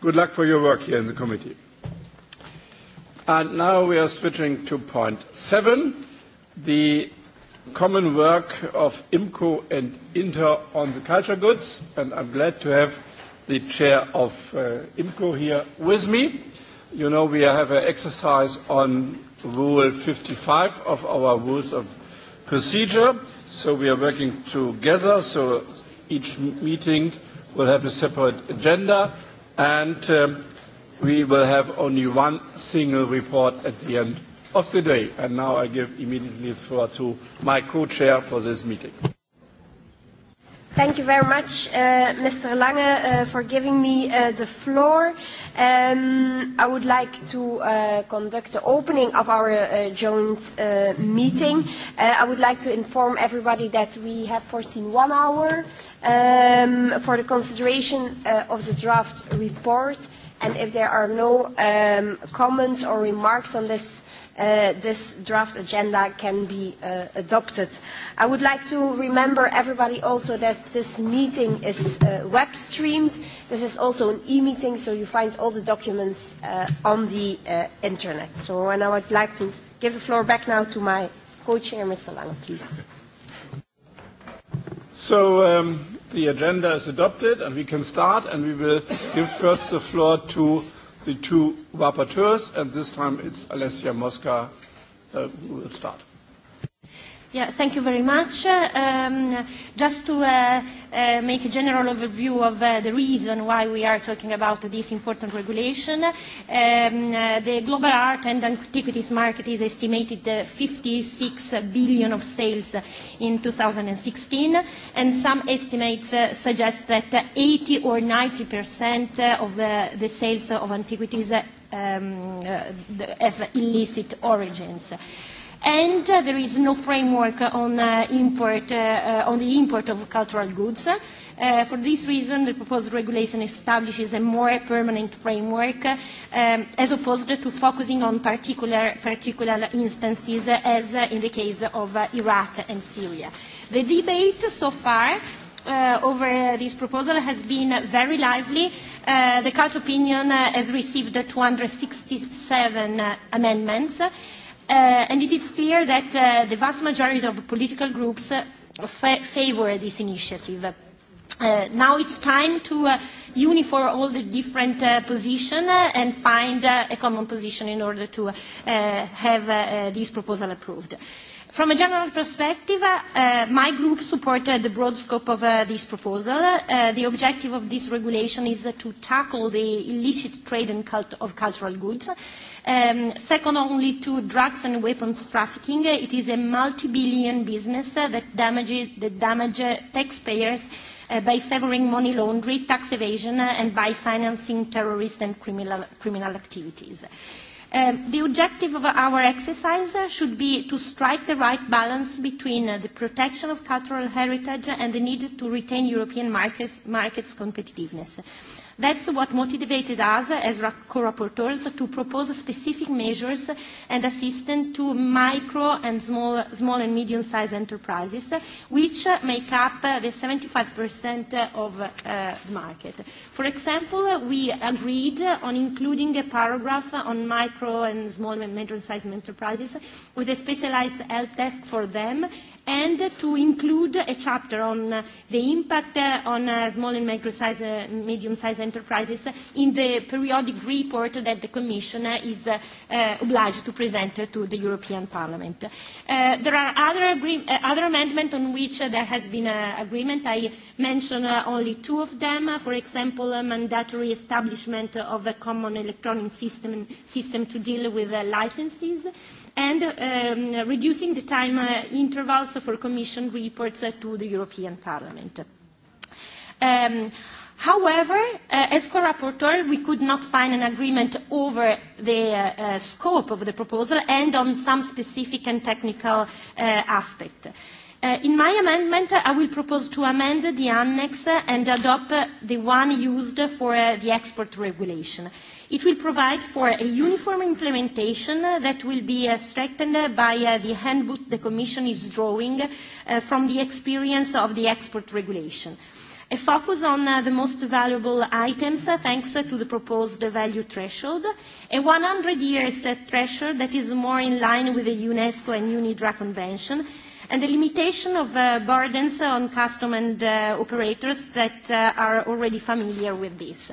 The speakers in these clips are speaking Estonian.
Good luck for your work here in the committee. And now we are switching to point seven, the common work of IMCO and INTER on the culture goods. And I'm glad to have the chair of uh, IMCO here with me. You know, we have an exercise on Rule 55 of our rules of procedure. So we are working together. So each meeting will have a separate agenda and um, we will have only one single report at the end of the day. And now I give immediately the floor to my co-chair for this meeting. Thank you very much, uh, Mr. Lange, uh, for giving me uh, the floor. Um, I would like to uh, conduct the opening of our uh, joint uh, meeting. Uh, I would like to inform everybody that we have foreseen one hour. Uh, um, for the consideration uh, of the draft report. And if there are no um, comments or remarks on this, uh, this draft agenda can be uh, adopted. I would like to remember everybody also that this meeting is uh, web streamed. This is also an e-meeting, so you find all the documents uh, on the uh, internet. So and I would like to give the floor back now to my co-chair, Mr. Lange, please. So um, the agenda is adopted, and we can start, and we will give first the floor to the two rapporteurs, and this time it's Alessia Mosca uh, who will start. Yeah, thank you very much. Uh, um, just to uh, uh, make a general overview of uh, the reason why we are talking about this important regulation, um, uh, the global art and antiquities market is estimated uh, 56 billion of sales in 2016, and some estimates uh, suggest that 80 or 90 percent of the, the sales of antiquities uh, um, uh, have illicit origins. Uh, and uh, there is no framework on, uh, import, uh, uh, on the import of cultural goods. Uh, for this reason, the proposed regulation establishes a more permanent framework uh, um, as opposed to focusing on particular, particular instances uh, as uh, in the case of uh, Iraq and Syria. The debate so far uh, over uh, this proposal has been very lively. Uh, the cult opinion uh, has received 267 uh, amendments. Uh, uh, and it is clear that uh, the vast majority of political groups uh, fa favor this initiative. Uh, now it's time to uh, uniform all the different uh, positions uh, and find uh, a common position in order to uh, have uh, uh, this proposal approved. From a general perspective, uh, uh, my group supported the broad scope of uh, this proposal. Uh, the objective of this regulation is uh, to tackle the illicit trade and cult of cultural goods. Uh, um, second only to drugs and weapons trafficking. It is a multi-billion business uh, that damages that damage uh, taxpayers uh, by favoring money laundering, tax evasion, uh, and by financing terrorist and criminal, criminal activities. Um, the objective of our exercise uh, should be to strike the right balance between uh, the protection of cultural heritage and the need to retain European markets, markets competitiveness. Uh, That's what motivated us as co-rapporteurs to propose specific measures and assistance to micro and small, small and medium-sized enterprises, which make up the 75% of uh, the market. For example, we agreed on including a paragraph on micro and small and medium-sized enterprises with a specialized help desk for them and to include a chapter on the impact on uh, small and uh, medium-sized enterprises in the periodic report that the Commission is uh, uh, obliged to present uh, to the European Parliament. Uh, there are other, agree- uh, other amendments on which uh, there has been uh, agreement. I mention uh, only two of them. Uh, for example, uh, mandatory establishment of a common electronic system, system to deal with uh, licenses and um, reducing the time uh, intervals for Commission reports uh, to the European Parliament. Um, However, uh, as co-rapporteur, we could not find an agreement over the uh, uh, scope of the proposal and on some specific and technical uh, aspect. Uh, in my amendment, I will propose to amend the annex and adopt the one used for uh, the export regulation. It will provide for a uniform implementation that will be uh, strengthened by uh, the handbook the Commission is drawing uh, from the experience of the export regulation. Uh, A focus on uh, the most valuable items uh, thanks uh, to the proposed value threshold, a 100 years uh, threshold that is more in line with the UNESCO and UNIDRA Convention, and the limitation of uh, burdens on custom and uh, operators that uh, are already familiar with this.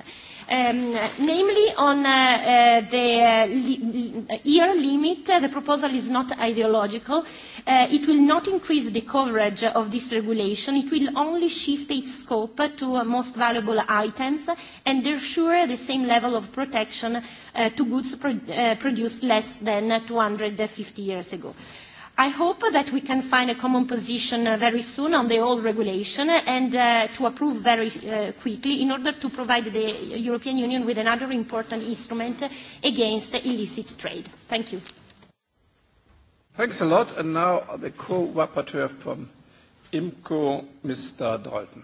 Um, namely, on uh, uh, the uh, li- year limit, uh, the proposal is not ideological. Uh, it will not increase the coverage of this regulation. It will only shift its scope to uh, most valuable items and ensure the same level of protection uh, to goods pro- uh, produced less than 250 years ago. Uh, I hope that we can find a common position uh, very soon on the old regulation and uh, to approve very uh, quickly in order to provide the European Union with another important instrument against illicit trade. Thank you. Thanks a lot. And now the co-rapporteur from IMCO, Mr. Dalton.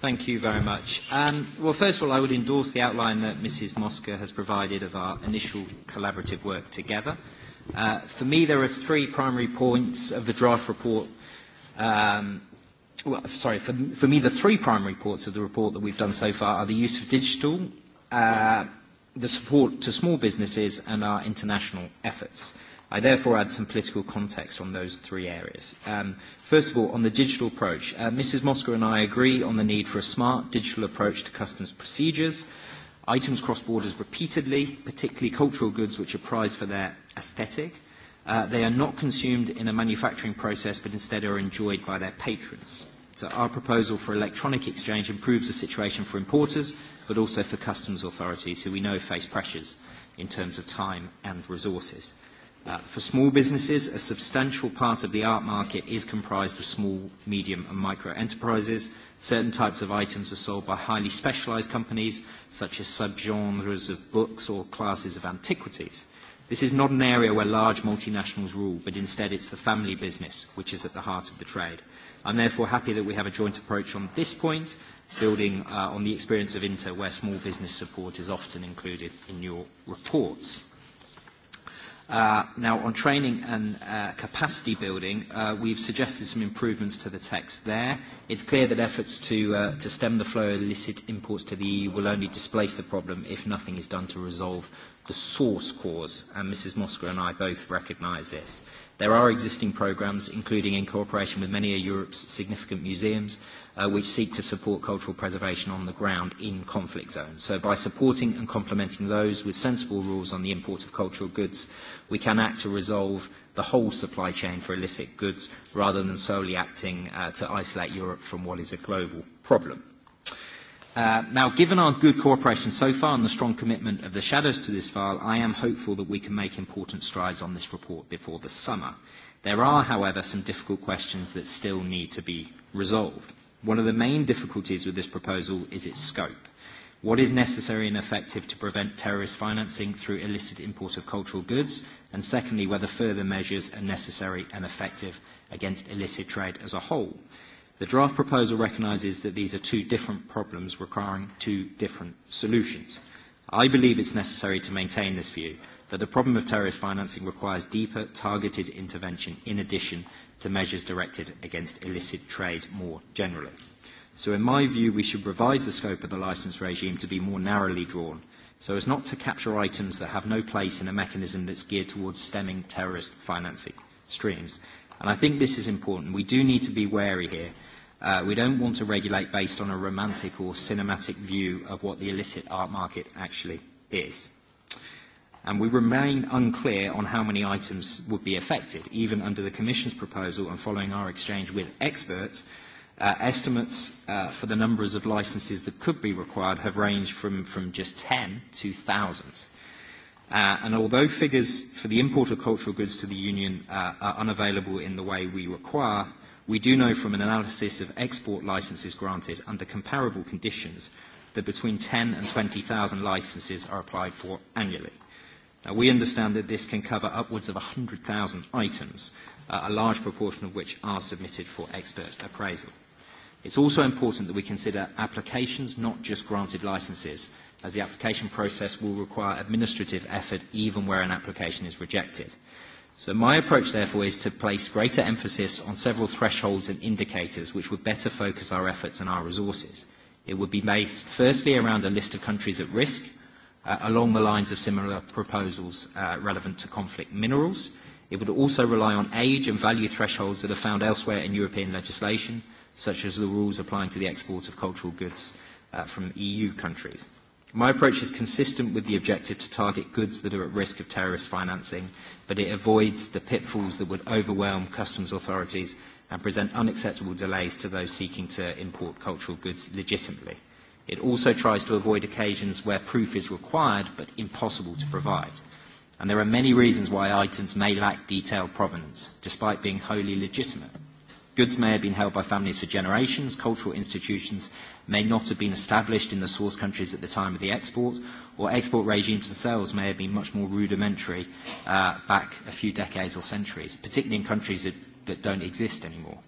Thank you very much. Um, well, first of all, I would endorse the outline that Mrs. Mosca has provided of our initial collaborative work together. Uh, Uh, for me, there are three primary points of the draft report. Um, well, sorry, for, for me, the three primary points of the report that we've done so far are the use of digital, uh, the support to small businesses, and our international efforts. I therefore add some political context on those three areas. Um, first of all, on the digital approach, uh, Mrs. Mosca and I agree on the need for a smart digital approach to customs procedures. Uh, items cross borders repeatedly, particularly cultural goods which are prized for their aesthetic. Uh, they are not consumed in a manufacturing process but instead are enjoyed by their patrons. So our proposal for electronic exchange improves the situation for importers but also for customs authorities who we know face pressures in terms of time and resources. Uh, for small businesses, a substantial part of the art market is comprised of small, medium and micro enterprises. Certain types of items are sold by highly specialized companies, such as subgenres of books or classes of antiquities. This is not an area where large multinationals rule, but instead it's the family business which is at the heart of the trade. I'm therefore happy that we have a joint approach on this point, building uh, on the experience of Inter, where small business support is often included in your reports. Uh, now, on training and uh, capacity building, uh, we've suggested some improvements to the text there. It's clear that efforts to, uh, to stem the flow of illicit imports to the EU will only displace the problem if nothing is done to resolve the source cause, and Mrs. Mosca and I both recognise this. Uh, There are existing programs, including in cooperation with many of Europe's significant museums, uh, which seek to support cultural preservation on the ground in conflict zones. So by supporting and complementing those with sensible rules on the import of cultural goods, we can act to resolve the whole supply chain for illicit goods rather than solely acting uh, to isolate Europe from what is a global problem. Uh, Uh, now, given our good cooperation so far and the strong commitment of the shadows to this file, I am hopeful that we can make important strides on this report before the summer. There are, however, some difficult questions that still need to be resolved. One of the main difficulties with this proposal is its scope. What is necessary and effective to prevent terrorist financing through illicit import of cultural goods? And secondly, whether further measures are necessary and effective against illicit trade as a whole. The draft proposal recognises that these are two different problems requiring two different solutions. I believe it's necessary to maintain this view that the problem of terrorist financing requires deeper, targeted intervention in addition to measures directed against illicit trade more generally. So in my view, we should revise the scope of the licence regime to be more narrowly drawn so as not to capture items that have no place in a mechanism that's geared towards stemming terrorist financing streams. And I think this is important. We do need to be wary here Uh, we don't want to regulate based on a romantic or cinematic view of what the illicit art market actually is. And we remain unclear on how many items would be affected, even under the Commission's proposal and following our exchange with experts, Uh, estimates uh, for the numbers of licenses that could be required have ranged from, from just 10 to thousands. Uh, and although figures for the import of cultural goods to the Union uh, are unavailable in the way we require, We do know from an analysis of export licenses granted under comparable conditions that between 10 and 20,000 licenses are applied for annually. Now, we understand that this can cover upwards of 100,000 items, uh, a large proportion of which are submitted for expert appraisal. It's also important that we consider applications, not just granted licenses, as the application process will require administrative effort even where an application is rejected. So my approach, therefore, is to place greater emphasis on several thresholds and indicators which would better focus our efforts and our resources. It would be based, firstly, around a list of countries at risk, uh, along the lines of similar proposals uh, relevant to conflict minerals. It would also rely on age and value thresholds that are found elsewhere in European legislation, such as the rules applying to the export of cultural goods uh, from EU countries. My approach is consistent with the objective to target goods that are at risk of terrorist financing, but it avoids the pitfalls that would overwhelm customs authorities and present unacceptable delays to those seeking to import cultural goods legitimately. It also tries to avoid occasions where proof is required but impossible to provide. And there are many reasons why items may lack detailed provenance, despite being wholly legitimate. Goods may have been held by families for generations. Cultural institutions may not have been established in the source countries at the time of the export, or export regimes themselves may have been much more rudimentary uh, back a few decades or centuries, particularly in countries that, that don't exist anymore.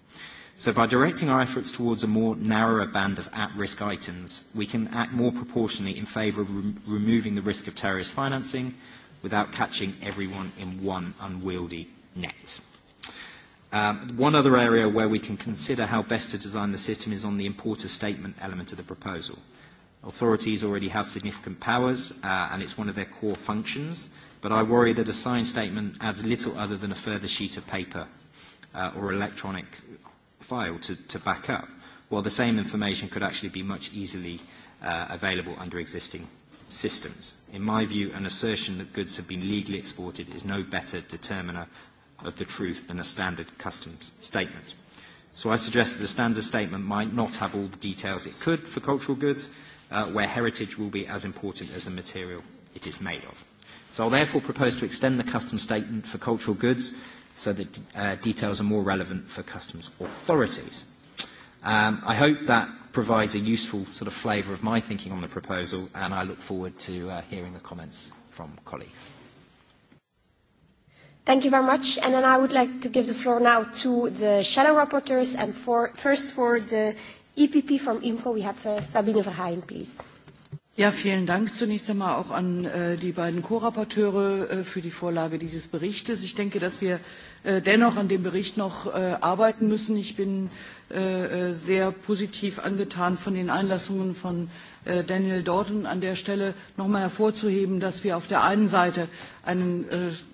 So by directing our efforts towards a more narrower band of at-risk items, we can act more proportionally in favour of re- removing the risk of terrorist financing without catching everyone in one unwieldy net. Um, one other area where we can consider how best to design the system is on the importer statement element of the proposal. Authorities already have significant powers, uh, and it's one of their core functions, but I worry that a signed statement adds little other than a further sheet of paper uh, or electronic file to, to back up, while the same information could actually be much easily uh, available under existing systems. In my view, an assertion that goods have been legally exported is no better determiner of the truth than a standard customs statement. So I suggest that a standard statement might not have all the details it could for cultural goods, uh, where heritage will be as important as the material it is made of. So I'll therefore propose to extend the customs statement for cultural goods so that uh, details are more relevant for customs authorities. Um, I hope that provides a useful sort of flavour of my thinking on the proposal, and I look forward to uh, hearing the comments from colleagues. Thank you very much. And then I would like to give the floor now to the shadow rapporteurs. And for, first for the EPP from IMCO, we have uh, Sabine Verheyen, please. Ja, vielen Dank zunächst einmal auch an äh, die beiden Co-Rapporteure äh, für die Vorlage dieses Berichtes. Ich denke, dass wir Äh, dennoch an dem Bericht noch äh, arbeiten müssen. Ich bin äh, sehr positiv angetan von den Einlassungen von Daniel Dorton an der Stelle nochmal hervorzuheben, dass wir auf der einen Seite einen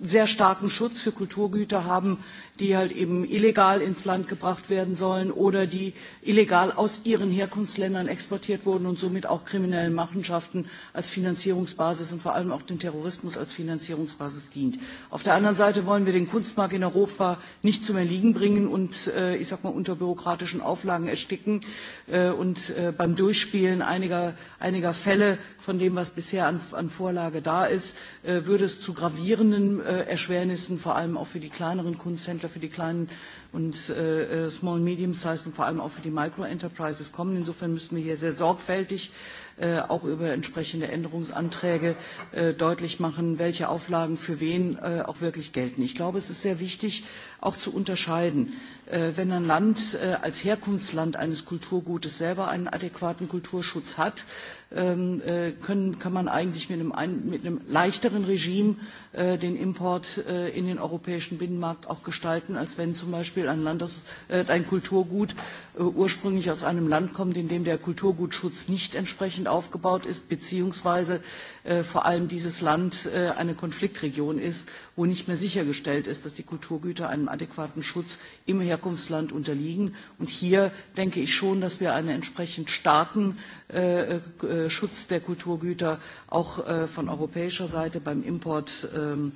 sehr starken Schutz für Kulturgüter haben, die halt eben illegal ins Land gebracht werden sollen oder die illegal aus ihren Herkunftsländern exportiert wurden und somit auch kriminellen Machenschaften als Finanzierungsbasis und vor allem auch dem Terrorismus als Finanzierungsbasis dient. Auf der anderen Seite wollen wir den Kunstmarkt in Europa Europa nicht zum Erliegen bringen und, äh, ich sag mal, unter bürokratischen Auflagen ersticken äh, und äh, beim Durchspielen einiger, einiger Fälle von dem, was bisher an, an Vorlage da ist, äh, würde es zu gravierenden äh, Erschwernissen, vor allem auch für die kleineren Kunsthändler, für die kleinen und äh, äh Small Medium Size und vor allem auch für die Micro Enterprises kommen. Insofern müssen wir hier sehr sorgfältig äh, Äh, auch über entsprechende Änderungsanträge äh, deutlich machen, welche Auflagen für wen äh, auch wirklich gelten. Ich glaube, es ist sehr wichtig, auch zu unterscheiden. Wenn ein Land als Herkunftsland eines Kulturgutes selber einen adäquaten Kulturschutz hat, ähm, äh, können, kann man eigentlich mit einem, ein, mit einem leichteren Regime äh, den Import äh, in den europäischen Binnenmarkt auch gestalten, als wenn zum Beispiel ein, Landes, äh, ein Kulturgut äh, ursprünglich aus einem Land kommt, in dem der Kulturgutschutz nicht entsprechend aufgebaut ist, beziehungsweise äh, vor allem dieses Land äh, eine Konfliktregion ist, wo nicht mehr sichergestellt ist, dass die Kulturgüter einem adäquaten Schutz im Herkunftsland unterliegen. Und hier denke ich schon, dass wir einen entsprechend starken äh, äh, äh, Schutz der Kulturgüter auch äh, von europäischer Seite beim Import ähm,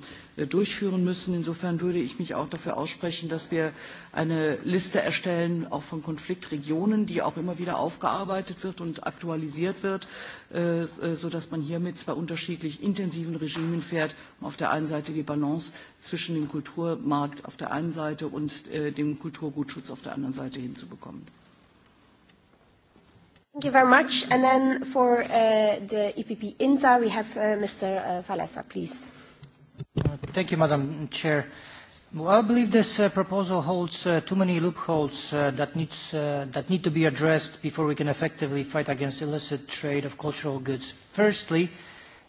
durchführen müssen. Insofern würde ich mich auch dafür aussprechen, dass wir eine Liste erstellen, auch von Konfliktregionen, die auch immer wieder aufgearbeitet wird und aktualisiert wird, äh, äh sodass man hier mit zwei unterschiedlich intensiven Regimen fährt, um auf der einen Seite die Balance zwischen dem Kulturmarkt auf der einen Seite und äh, dem Kulturgutschutz auf der anderen Seite hinzubekommen. Thank you very much. And then for uh, the EPP INTA, we have uh, Mr. Uh, Valesa, please. Thank you, Madam Chair. Well, I believe this uh, proposal holds uh, too many loopholes uh, that, needs, uh, that need to be addressed before we can effectively fight against illicit trade of cultural goods. Firstly,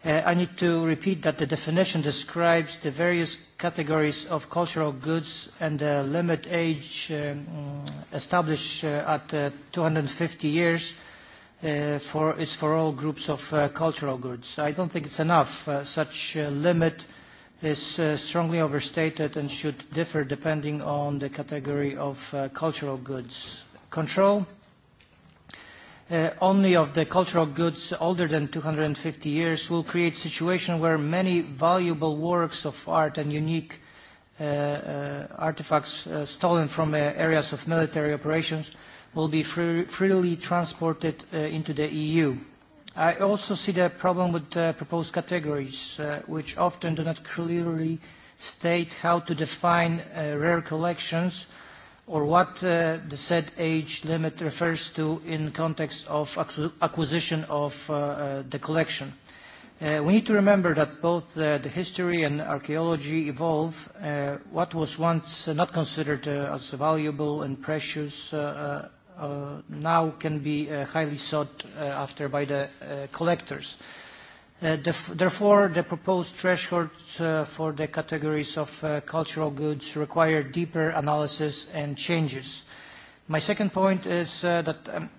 uh, I need to repeat that the definition describes the various categories of cultural goods and the limit age um, established uh, at uh, 250 years – uh, for, is for all groups of uh, cultural goods. I don't think it's enough. Uh, such a uh, limit is uh, strongly overstated and should differ depending on the category of uh, cultural goods. Control uh, only of the cultural goods older than 250 years will create a situation where many valuable works of art and unique uh, uh, artifacts uh, stolen from uh, areas of military operations uh, will be free, freely transported uh, into the EU. I also see the problem with the uh, proposed categories, uh, which often do not clearly state how to define uh, rare collections or what uh, the said age limit refers to in context of acquisition of uh, uh, the collection. Uh, we need to remember that both uh, the history and archaeology evolve. Uh, what was once not considered uh, as valuable and precious uh, uh uh, now can be uh, highly sought uh, after by the uh, collectors. Uh, def therefore, the proposed thresholds uh, for the categories of uh, cultural goods require deeper analysis and changes. My second point is uh, that um,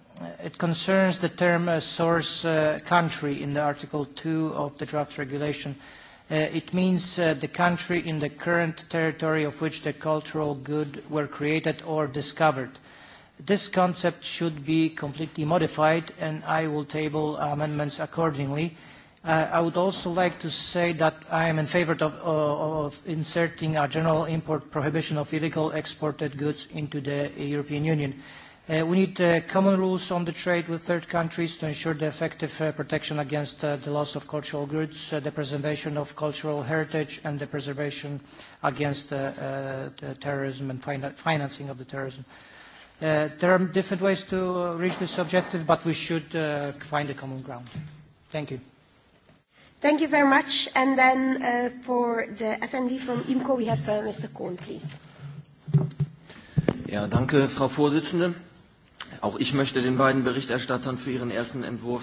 it concerns the term uh, source uh, country in the Article 2 of the draft regulation. Uh, it means uh, the country in the current territory of which the cultural good were created or discovered this concept should be completely modified, and I will table amendments accordingly. Uh, I would also like to say that I am in favor of, uh, of inserting a general import prohibition of illegal exported goods into the European Union. Uh, we need uh, common rules on the trade with third countries to ensure the effective uh, protection against uh, the loss of cultural goods, uh, the preservation of cultural heritage, and the preservation against uh, uh, the terrorism and fin financing of the terrorism. Uh, Uh, there are different ways to reach this objective, but we should uh, find a common ground. Thank you. Thank you very much. And then uh, for the attendee from IMCO, we have uh, Mr. Kohn, please. Ja, danke, Frau Vorsitzende. Auch ich möchte den beiden Berichterstattern für ihren ersten Entwurf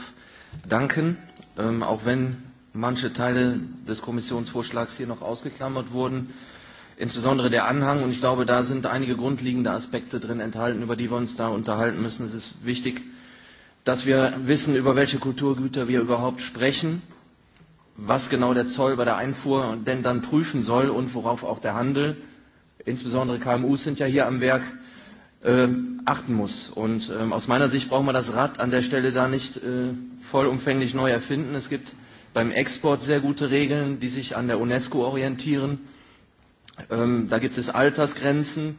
danken, ähm, auch wenn manche Teile des Kommissionsvorschlags hier noch ausgeklammert wurden. Äh, insbesondere der Anhang. Und ich glaube, da sind einige grundlegende Aspekte drin enthalten, über die wir uns da unterhalten müssen. Es ist wichtig, dass wir wissen, über welche Kulturgüter wir überhaupt sprechen, was genau der Zoll bei der Einfuhr denn dann prüfen soll und worauf auch der Handel, insbesondere KMUs sind ja hier am Werk, äh, achten muss. Und ähm, aus meiner Sicht brauchen wir das Rad an der Stelle da nicht äh, vollumfänglich neu erfinden. Es gibt beim Export sehr gute Regeln, die sich an der UNESCO orientieren. Ähm, da gibt es Altersgrenzen.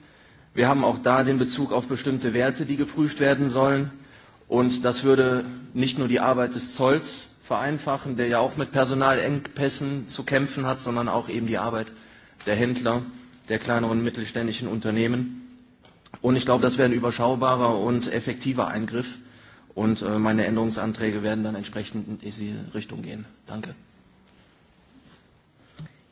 Wir haben auch da den Bezug auf bestimmte Werte, die geprüft werden sollen. Und das würde nicht nur die Arbeit des Zolls vereinfachen, der ja auch mit Personalengpässen zu kämpfen hat, sondern auch eben die Arbeit der Händler, der kleineren mittelständischen Unternehmen. Und ich glaube, das wäre ein überschaubarer und effektiver Eingriff. Und äh, meine Änderungsanträge werden dann entsprechend in diese Richtung gehen. Danke.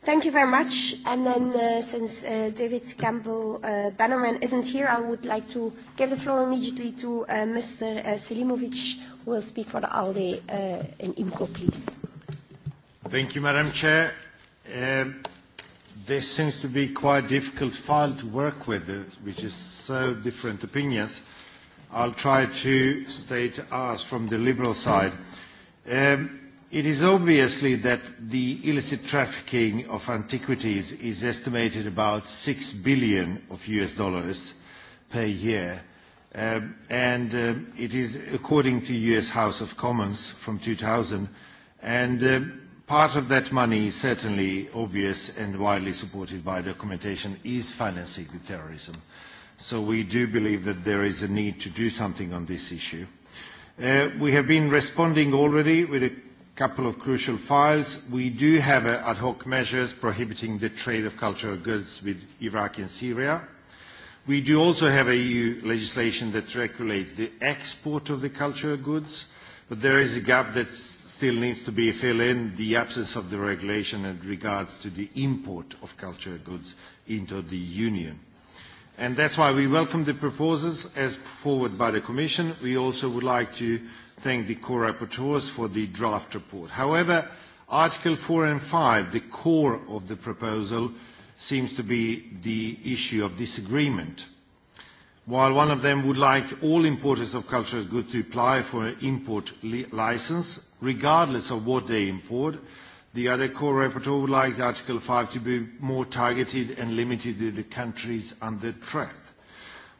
Thank you very much. And then, uh, since uh, David Campbell uh, Bannerman isn't here, I would like to give the floor immediately to uh, Mr. Uh, Selimovic, who will speak for the ALDE uh, in IMCO, please. Thank you, Madam Chair. Uh, this seems to be quite a difficult file to work with, uh, which is so different opinions. I'll try to state ours from the Liberal side. Um, It is obviously that the illicit trafficking of antiquities is estimated about 6 billion of US dollars per year. Um, and um, it is according to US House of Commons from 2000. And um, part of that money, certainly obvious and widely supported by documentation, is financing the terrorism. So we do believe that there is a need to do something on this issue. Uh, we have been responding already with a couple of crucial files. We do have uh, ad hoc measures prohibiting the trade of cultural goods with Iraq and Syria. We do also have a EU legislation that regulates the export of the cultural goods, but there is a gap that still needs to be filled in, the absence of the regulation in regards to the import of cultural goods into the Union. And that's why we welcome the proposals as forward by the Commission. We also would like to uh, thank the co-rapporteurs for the draft report. However, Article 4 and 5, the core of the proposal, seems to be the issue of disagreement. While one of them would like all importers of cultural goods to apply for an import li license, regardless of what they import, the other co-rapporteur would like Article 5 to be more targeted and limited to the countries under threat.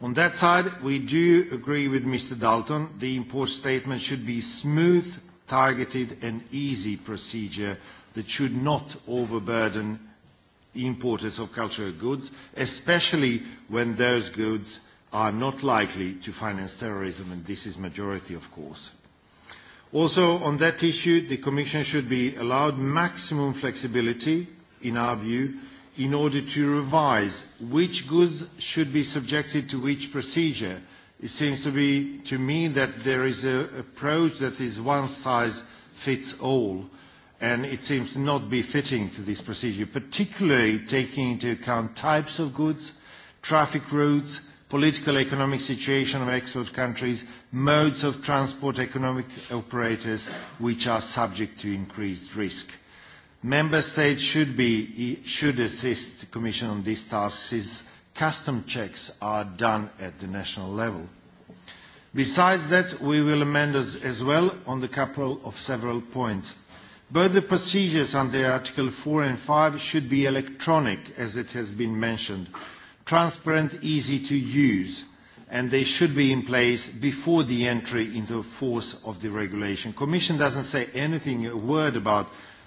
On that side, we do agree with Mr. Dalton. The import statement should be smooth, targeted, and easy procedure that should not overburden importers of cultural goods, especially when those goods are not likely to finance terrorism, and this is majority, of course. Also, on that issue, the Commission should be allowed maximum flexibility, in our view, in order to revise which goods should be subjected to which procedure. It seems to be to me that there is an approach that is one size fits all, and it seems to not be fitting to this procedure, particularly taking into account types of goods, traffic routes, political economic situation of export countries, modes of transport economic operators which are subject to increased risk. Uh, Member states should, be, e, should assist the Commission on these tasks since custom checks are done at the national level. Besides that, we will amend as, as well on the couple of several points. Both the procedures under Article 4 and 5 should be electronic, as it has been mentioned, transparent, easy to use, and they should be in place before the entry into force of the regulation. Commission doesn't say anything, a word about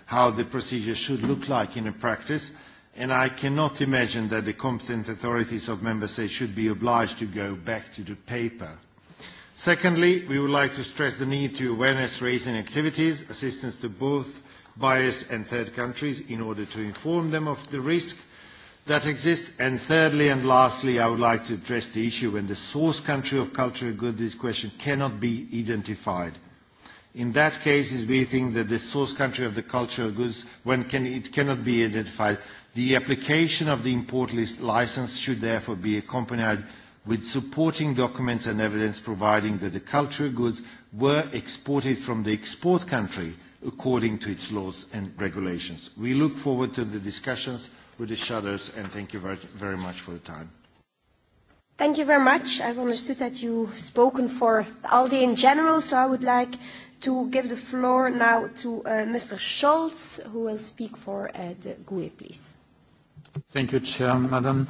how the procedure should look like in practice, and I cannot imagine that the competent authorities of member states should be obliged to go back to the paper. Secondly, we would like to stress the need to awareness-raising activities, assistance to both buyers and third countries in order to inform them of the risk that exists. And thirdly and lastly, I would like to address the issue when the source country of cultural goods question cannot be identified. In that case, we think that the source country of the cultural goods, when can, it cannot be identified, the application of the import list license should therefore be accompanied with supporting documents and evidence providing that the cultural goods were exported from the export country according to its laws and regulations. We look forward to the discussions with the shadows, and thank you very, very much for the time. Thank you very much. I've understood that you've spoken for ALDE in general, so I would like to give the floor now to uh, Mr. Scholz, who will speak for uh, the GUE, please. Thank you, Chair, Madam.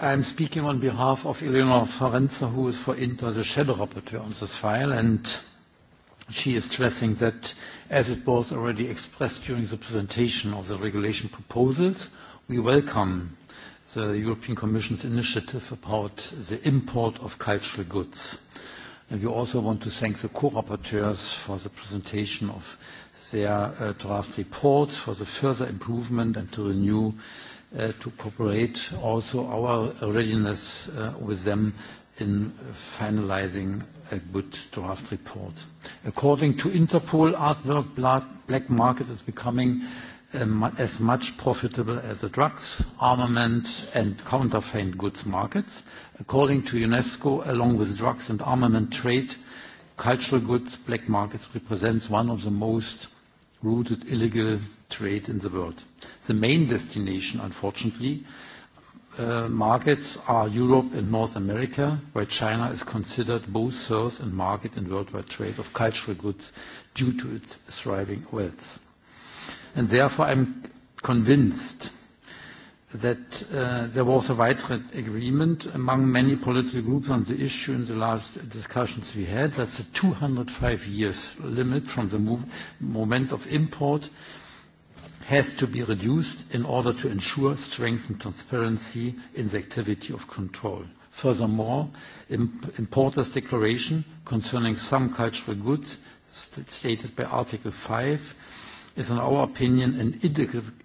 I'm speaking on behalf of Eleonora Forenza, who is for INTA the shadow rapporteur on this file, and she is stressing that, as it was already expressed during the presentation of the regulation proposals, we welcome the European Commission's initiative about the import of cultural goods. Uh, And we also want to thank the co-rapporteurs for the presentation of their uh, draft reports, for the further improvement, and to renew, uh, to cooperate also our readiness uh, with them in finalizing a good draft report. According to Interpol, artwork black market is becoming as much profitable as the drugs, armament, and counterfeit goods markets. According to UNESCO, along with drugs and armament trade, cultural goods black market represents one of the most rooted illegal trade in the world. The main destination, unfortunately, uh, markets are Europe and North America, where China is considered both source and market in worldwide trade of cultural goods due to its thriving wealth and therefore I'm convinced that uh, there was a wide agreement among many political groups on the issue in the last discussions we had. That's a 205 years limit from the move, moment of import has to be reduced in order to ensure strength and transparency in the activity of control. Furthermore, imp importers' declaration concerning some cultural goods st stated by Article 5 is, in our opinion, an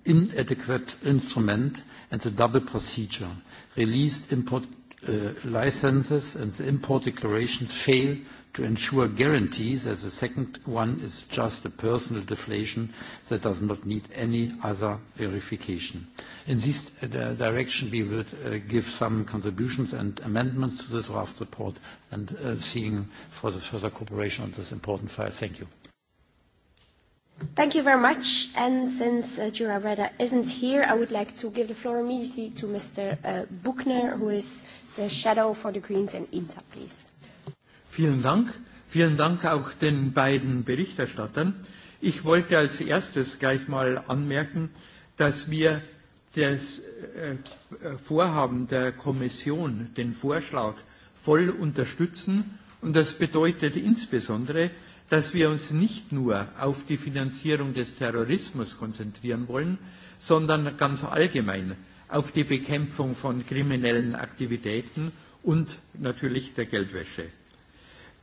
inadequate instrument and the double procedure, released import uh, licenses and the import declarations fail to ensure guarantees, as the second one is just a personal deflation that does not need any other verification. In this uh, direction, we will uh, give some contributions and amendments to the draft report and uh, seeing for the further cooperation on this important file. Thank you. Thank you very much. And since uh, Jura Reda isn't here, I would like to give the floor immediately to Mr. Uh, Buchner, who is the shadow for the Greens and INTA, please. Vielen Dank. Vielen Dank auch den beiden Berichterstattern. Ich wollte als erstes gleich mal anmerken, dass wir das äh, Vorhaben der Kommission, den Vorschlag, voll unterstützen. Und das bedeutet insbesondere, dass wir uns nicht nur auf die Finanzierung des Terrorismus konzentrieren wollen, sondern ganz allgemein auf die Bekämpfung von kriminellen Aktivitäten und natürlich der Geldwäsche.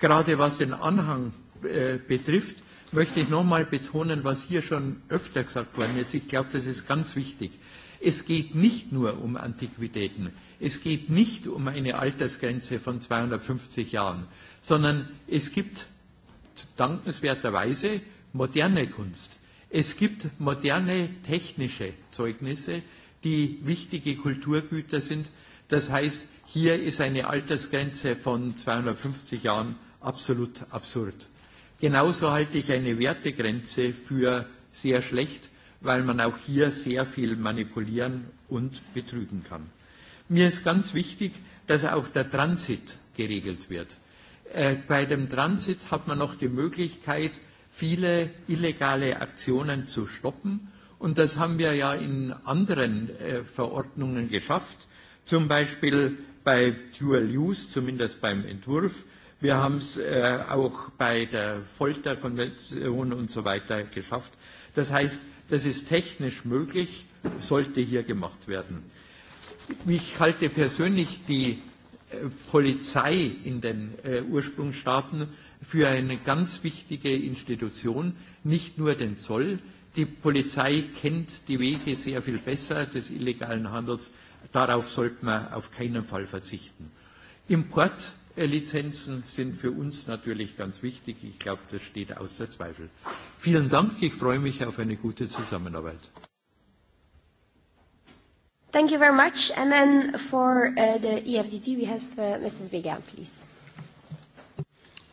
Gerade was den Anhang äh, betrifft, möchte ich nochmal betonen, was hier schon öfter gesagt worden ist. Ich glaube, das ist ganz wichtig. Es geht nicht nur um Antiquitäten. Es geht nicht um eine Altersgrenze von 250 Jahren, sondern es gibt gibt dankenswerterweise moderne Kunst. Es gibt moderne technische Zeugnisse, die wichtige Kulturgüter sind. Das heißt, hier ist eine Altersgrenze von 250 Jahren absolut absurd. Genauso halte ich eine Wertegrenze für sehr schlecht, weil man auch hier sehr viel manipulieren und betrügen kann. Mir ist ganz wichtig, dass auch der Transit geregelt wird. Äh, bei dem Transit hat man noch die Möglichkeit, viele illegale Aktionen zu stoppen. Und das haben wir ja in anderen äh, Verordnungen geschafft, zum Beispiel bei Dual Use, zumindest beim Entwurf. Wir haben es äh, auch bei der Folterkonvention und so weiter geschafft. Das heißt, das ist technisch möglich, sollte hier gemacht werden. Ich halte persönlich die Polizei in den äh, Ursprungsstaaten für eine ganz wichtige Institution, nicht nur den Zoll. Die Polizei kennt die Wege sehr viel besser des illegalen Handels. Darauf sollte man auf keinen Fall verzichten. Importlizenzen sind für uns natürlich ganz wichtig. Ich glaube, das steht außer Zweifel. Vielen Dank. Ich freue mich auf eine gute Zusammenarbeit. Thank you very much. And then for uh, the EFDT, we have uh, Mrs. Began, please.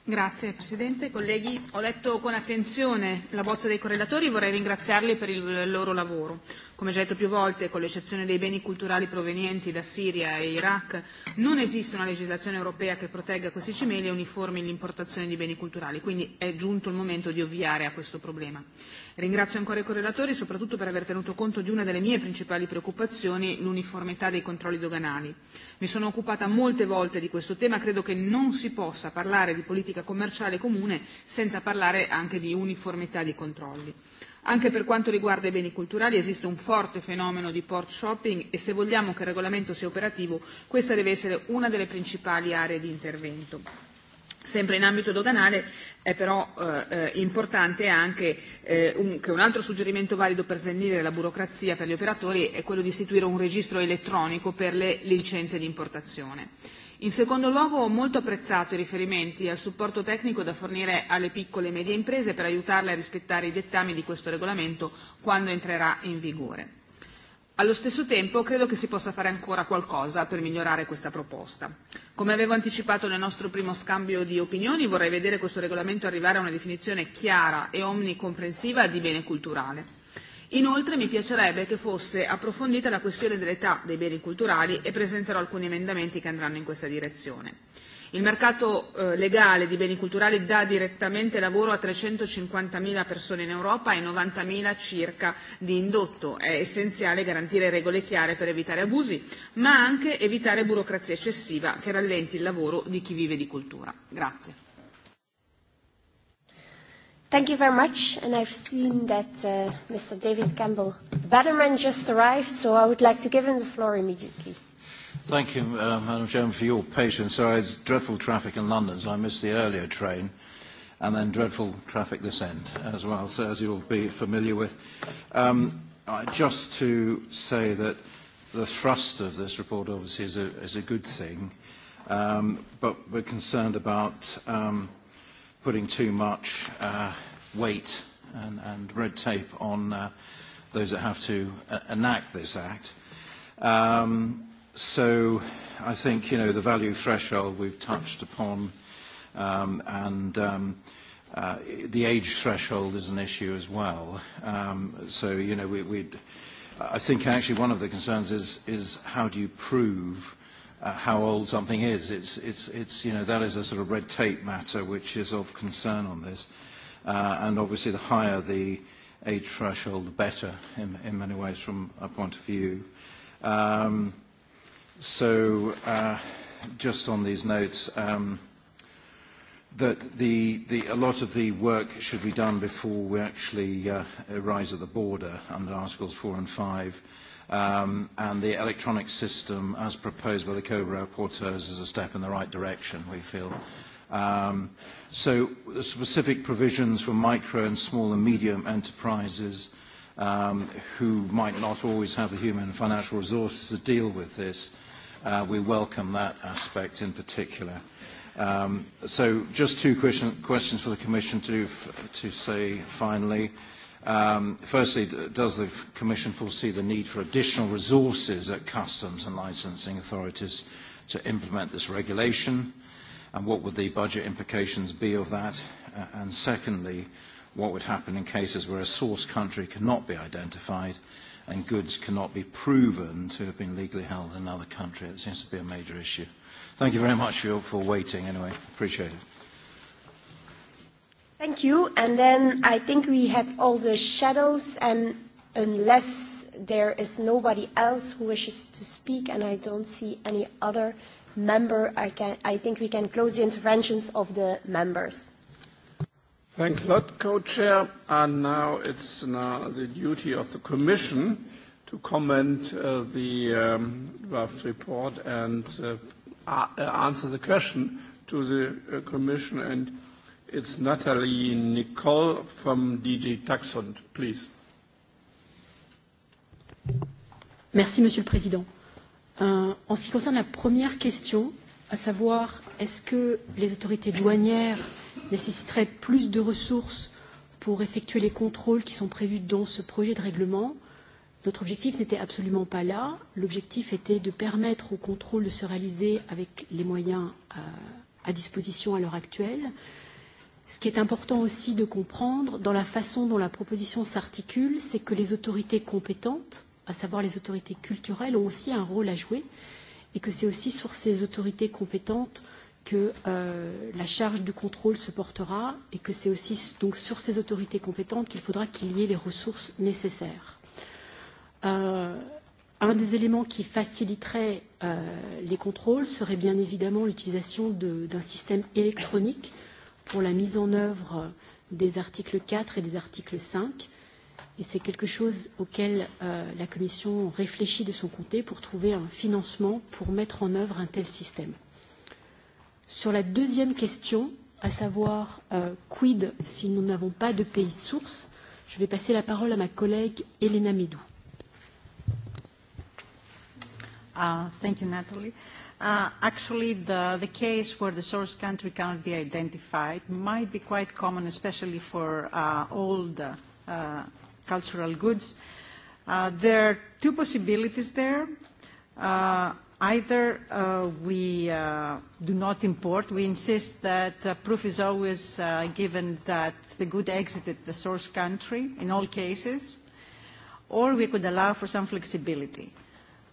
Grazie Presidente, colleghi. Ho letto con attenzione la bozza dei correlatori e vorrei ringraziarli per il loro lavoro. Come già detto più volte, con l'eccezione dei beni culturali provenienti da Siria e Iraq, non esiste una legislazione europea che protegga questi cimeli e uniformi l'importazione di beni culturali, quindi è giunto il momento di ovviare a questo problema. Ringrazio ancora i correlatori soprattutto per aver tenuto conto di una delle mie principali preoccupazioni, l'uniformità dei controlli doganali. Mi sono occupata molte volte di questo tema, credo che non si possa parlare di politica politica commerciale comune, senza parlare anche di uniformità di controlli. Anche per quanto riguarda i beni culturali esiste un forte fenomeno di port shopping e se vogliamo che il regolamento sia operativo questa deve essere una delle principali aree di intervento. Sempre in ambito doganale è però eh, eh importante anche eh, un, che un altro suggerimento valido per snellire la burocrazia per gli operatori è quello di istituire un registro elettronico per le licenze di importazione. In secondo luogo ho molto apprezzato i riferimenti al supporto tecnico da fornire alle piccole e medie imprese per aiutarle a rispettare i dettami di questo regolamento quando entrerà in vigore. Allo stesso tempo credo che si possa fare ancora qualcosa per migliorare questa proposta. Come avevo anticipato nel nostro primo scambio di opinioni, vorrei vedere questo regolamento arrivare a una definizione chiara e omnicomprensiva di bene culturale. Inoltre mi piacerebbe che fosse approfondita la questione dell'età dei beni culturali e presenterò alcuni emendamenti che andranno in questa direzione. Il mercato eh, legale di beni culturali dà direttamente lavoro a 350.000 persone in Europa e 90.000 circa di indotto. È essenziale garantire regole chiare per evitare abusi, ma anche evitare burocrazia eccessiva che rallenti il lavoro di chi vive di cultura. Grazie. Thank you very much, and I've seen that uh, Mr. David Campbell Bannerman just arrived, so I would like to give him the floor immediately. Thank you, uh, Madam Chairman, for your patience. Sorry, it's dreadful traffic in London, so I missed the earlier train, and then dreadful traffic this end as well, so as you'll be familiar with. Um, uh, just to say that the thrust of this report obviously is a, is a good thing, um, but we're concerned about um, – putting too much uh, weight and, and red tape on uh, those that have to uh, enact this act. Um, so I think, you know, the value threshold we've touched upon um, and um, uh, the age threshold is an issue as well. Um, so, you know, we, we'd, I think actually one of the concerns is, is how do you prove uh, how old something is. It's, it's, it's, you know, that is a sort of red tape matter which is of concern on this. Uh, and obviously the higher the age threshold, the better in, in many ways from a point of view. Um, so uh, just on these notes, um, that the, the, a lot of the work should be done before we actually uh, arrive at the border under Articles 4 and 5 um, and the electronic system, as proposed by the co-rapporteurs, is a step in the right direction, we feel. Um, so the specific provisions for micro and small and medium enterprises um, who might not always have the human and financial resources to deal with this, uh, we welcome that aspect in particular. Um, so just two question, questions for the Commission to, to say finally. Um, firstly, does the Commission foresee the need for additional resources at customs and licensing authorities to implement this regulation? And what would the budget implications be of that? Uh, and secondly, what would happen in cases where a source country cannot be identified and goods cannot be proven to have been legally held in another country? It seems to be a major issue. Thank you very much for, your, for waiting anyway. Appreciate it. Thank you. And then I think we had all the shadows, and unless there is nobody else who wishes to speak, and I don't see any other member, I, can, I think we can close the interventions of the members. Thanks a lot, co-chair. And now it's now uh, the duty of the Commission to comment uh, the um, draft report and uh, uh answer the question to the uh, Commission and It's Natalie Nicole from DG Taxon, please. Merci, Monsieur le Président. Euh, en ce qui concerne la première question, à savoir est-ce que les autorités douanières nécessiteraient plus de ressources pour effectuer les contrôles qui sont prévus dans ce projet de règlement Notre objectif n'était absolument pas là. L'objectif était de permettre aux contrôles de se réaliser avec les moyens à, euh, à disposition à l'heure actuelle. Euh, Ce qui est important aussi de comprendre dans la façon dont la proposition s'articule, c'est que les autorités compétentes, à savoir les autorités culturelles, ont aussi un rôle à jouer et que c'est aussi sur ces autorités compétentes que euh, la charge du contrôle se portera et que c'est aussi donc sur ces autorités compétentes qu'il faudra qu'il y ait les ressources nécessaires. Euh, un des éléments qui faciliterait euh, les contrôles serait bien évidemment l'utilisation d'un système électronique euh, pour la mise en œuvre des articles 4 et des articles 5. Et c'est quelque chose auquel euh, la Commission réfléchit de son côté pour trouver un financement pour mettre en œuvre un tel système. Sur la deuxième question, à savoir euh, quid si nous n'avons pas de pays source, je vais passer la parole à ma collègue Elena Medou. Uh, thank you, Natalie. Uh, uh, actually the, the case where the source country cannot be identified might be quite common, especially for uh, old uh, cultural goods. Uh, there are two possibilities there. Uh, either uh, we uh, do not import, we insist that uh, proof is always uh, given that the good exited the source country in all cases, or we could allow for some flexibility. Uh,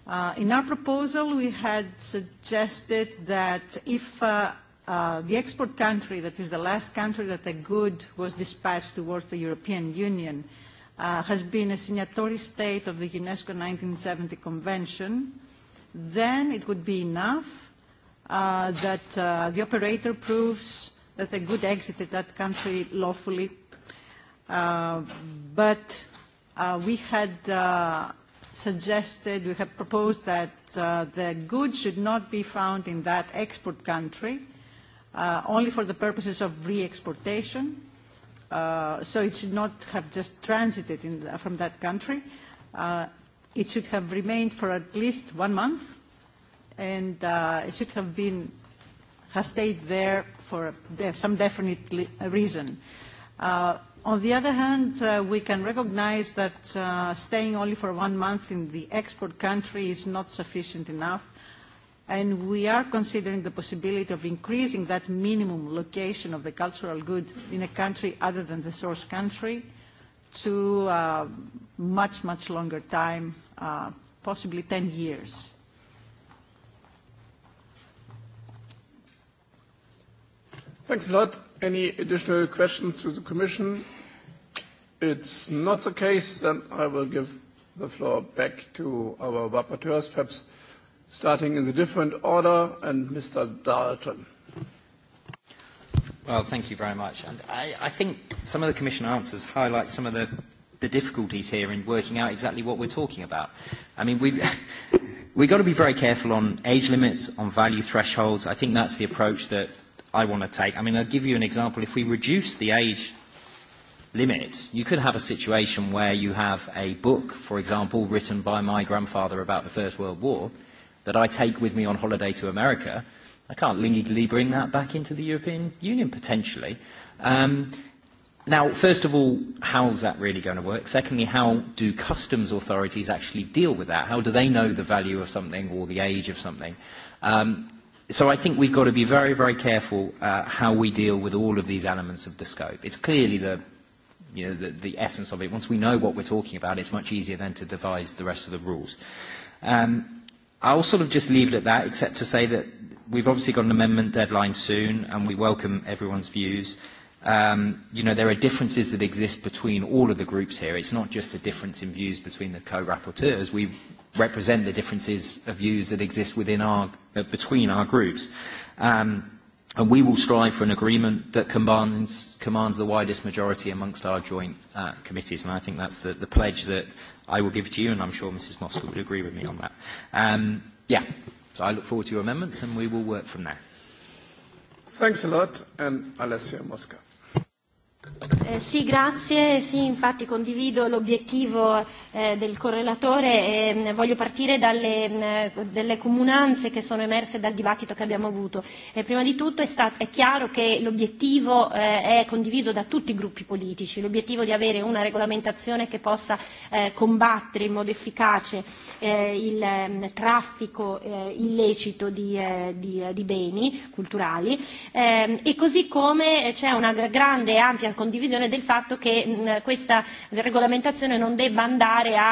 Uh, in our proposal, we had suggested that if uh, uh, the export country, that is the last country that a good was dispatched towards the European Union, uh, has been a signatory state of the UNESCO 1970 Convention, then it would be enough uh, that uh, the operator proves that a good exited that country lawfully. Uh, but uh, we had uh, suggested, we have proposed that uh, the goods should not be found in that export country, uh, only for the purposes of re-exportation. Uh, so it should not have just transited in the, uh, from that country. Uh, it should have remained for at least one month, and uh, it should have been has stayed there for uh, a, some definite reason. Uh, On the other hand, uh, we can recognize that uh, staying only for one month in the export country is not sufficient enough, and we are considering the possibility of increasing that minimum location of the cultural good in a country other than the source country to uh, much, much longer time, uh, possibly 10 years. Thanks a lot. Any additional questions to the commission? it's not the case, then I will give the floor back to our rapporteurs, perhaps starting in a different order, and Mr. Dalton. Well, thank you very much. And I, I think some of the Commission answers highlight some of the, the difficulties here in working out exactly what we're talking about. I mean, we've, we've got to be very careful on age limits, on value thresholds. I think that's the approach that I want to take. I mean, I'll give you an example. If we reduce the age limit. You could have a situation where you have a book, for example, written by my grandfather about the First World War, that I take with me on holiday to America. I can't legally bring that back into the European Union, potentially. Um, now, first of all, how's that really going to work? Secondly, how do customs authorities actually deal with that? How do they know the value of something or the age of something? Um, so I think we've got to be very, very careful uh, how we deal with all of these elements of the scope. It's clearly the you know, the, the essence of it. Once we know what we're talking about, it's much easier then to devise the rest of the rules. Um, I'll sort of just leave it at that, except to say that we've obviously got an amendment deadline soon, and we welcome everyone's views. Um, you know, there are differences that exist between all of the groups here. It's not just a difference in views between the co-rapporteurs. We represent the differences of views that exist within our, uh, between our groups. Um, and we will strive for an agreement that combines, commands the widest majority amongst our joint uh, committees, and I think that's the, the pledge that I will give to you, and I'm sure Mrs. Moscow would agree with me on that. Um, yeah, so I look forward to your amendments, and we will work from there. Thanks a lot, and Alessia Moscow. Eh, sì, grazie. Sì, infatti condivido l'obiettivo eh, del correlatore e mh, mm, voglio partire dalle mh, mm, delle comunanze che sono emerse dal dibattito che abbiamo avuto. E prima di tutto è, stato, è chiaro che l'obiettivo eh, è condiviso da tutti i gruppi politici, l'obiettivo di avere una regolamentazione che possa eh, combattere in modo efficace eh, il mh, mm, traffico eh, illecito di, eh, di, di beni culturali eh, e così come c'è una grande e ampia condivisione del fatto che mh, mm, questa regolamentazione non debba andare a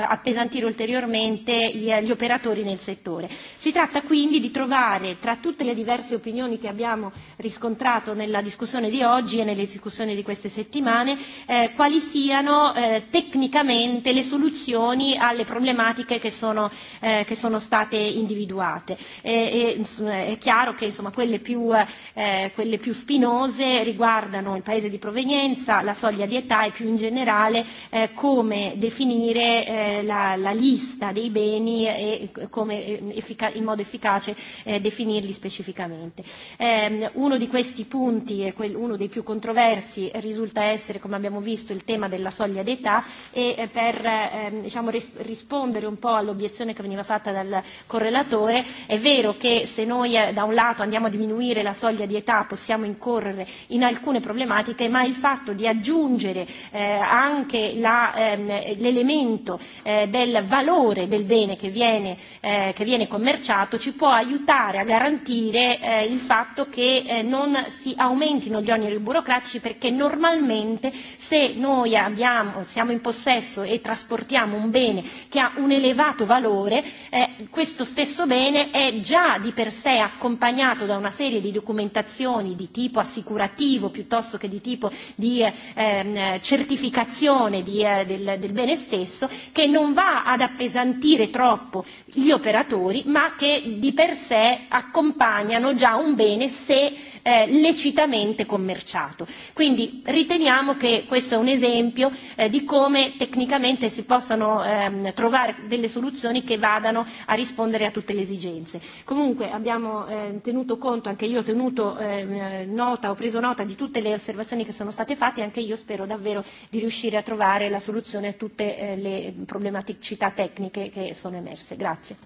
eh, appesantire ulteriormente gli, eh, gli operatori nel settore. Si tratta quindi di trovare tra tutte le diverse opinioni che abbiamo riscontrato nella discussione di oggi e nelle discussioni di queste settimane eh, quali siano eh, tecnicamente le soluzioni alle problematiche che sono, eh, che sono state individuate. E, e, insomma, è chiaro che insomma, quelle, più, eh, quelle più spinose riguardano il paese di provenienza, la soglia di età e più in generale eh, come definire eh, la, la lista dei beni e, e come eh, effica- in modo efficace eh, definirli specificamente. Eh, uno di questi punti, e quel, uno dei più controversi, risulta essere, come abbiamo visto, il tema della soglia di età e eh, per eh, diciamo, ris- rispondere un po' all'obiezione che veniva fatta dal correlatore, è vero che se noi eh, da un lato andiamo a diminuire la soglia di età possiamo incorrere in alcune problematiche, ma il fatto di aggiungere eh, anche la, ehm, l'elemento eh, del valore del bene che viene, eh, che viene commerciato ci può aiutare a garantire eh, il fatto che eh, non si aumentino gli oneri burocratici perché normalmente se noi abbiamo, siamo in possesso e trasportiamo un bene che ha un elevato valore, eh, questo stesso bene è già di per sé accompagnato da una serie di documentazioni di tipo assicurativo piuttosto che di tipo tipo di ehm, certificazione di, eh, del, del bene stesso che non va ad appesantire troppo gli operatori ma che di per sé accompagnano già un bene se eh, lecitamente commerciato. Quindi riteniamo che questo è un esempio eh, di come tecnicamente si possano ehm, trovare delle soluzioni che vadano a rispondere a tutte le esigenze. Comunque abbiamo eh, tenuto conto, anche io ho tenuto eh, nota, ho preso nota di tutte le osservazioni osservazioni che sono state fatte e anche io spero davvero di riuscire a trovare la soluzione a tutte eh, le problematicità tecniche che sono emerse. Grazie.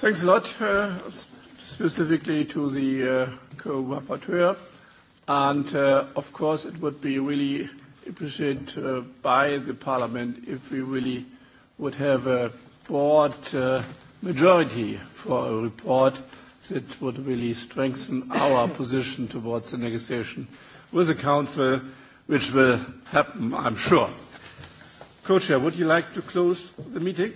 Thanks a lot, uh, specifically to the uh, co-rapporteur. And uh, of course, it would be really appreciated uh, by the Parliament if we really would have a broad uh, majority for a report it would really strengthen our position towards the negotiation with the Council, which will happen, I'm sure. Co-chair, would you like to close the meeting?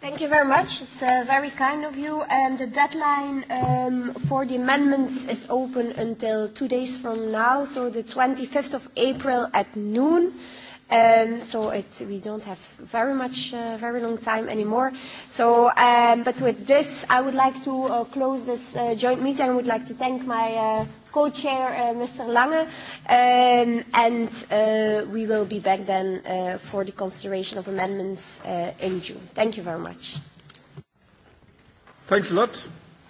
Thank you very much. It's uh, very kind of you. And the deadline um, for the amendments is open until two days from now, so the 25th of April at noon. Um, so it, we don't have very much, uh, very long time anymore. So, um, but with this, I would like to uh, close this uh, joint meeting. I would like to thank my uh, co-chair, uh, Mr. Lange, um, and uh, we will be back then uh, for the consideration of amendments uh, in June. Thank you very much. Thanks a lot,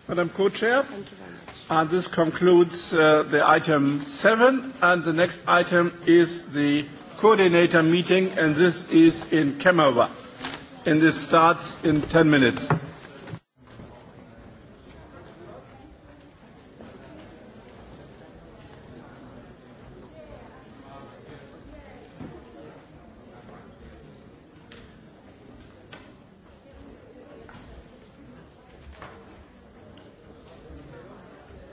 Madam Co-Chair. Thank you very much. And this concludes uh, the item seven, and the next item is the coordinator meeting, and this is in Kemmerwa, and it starts in 10 minutes.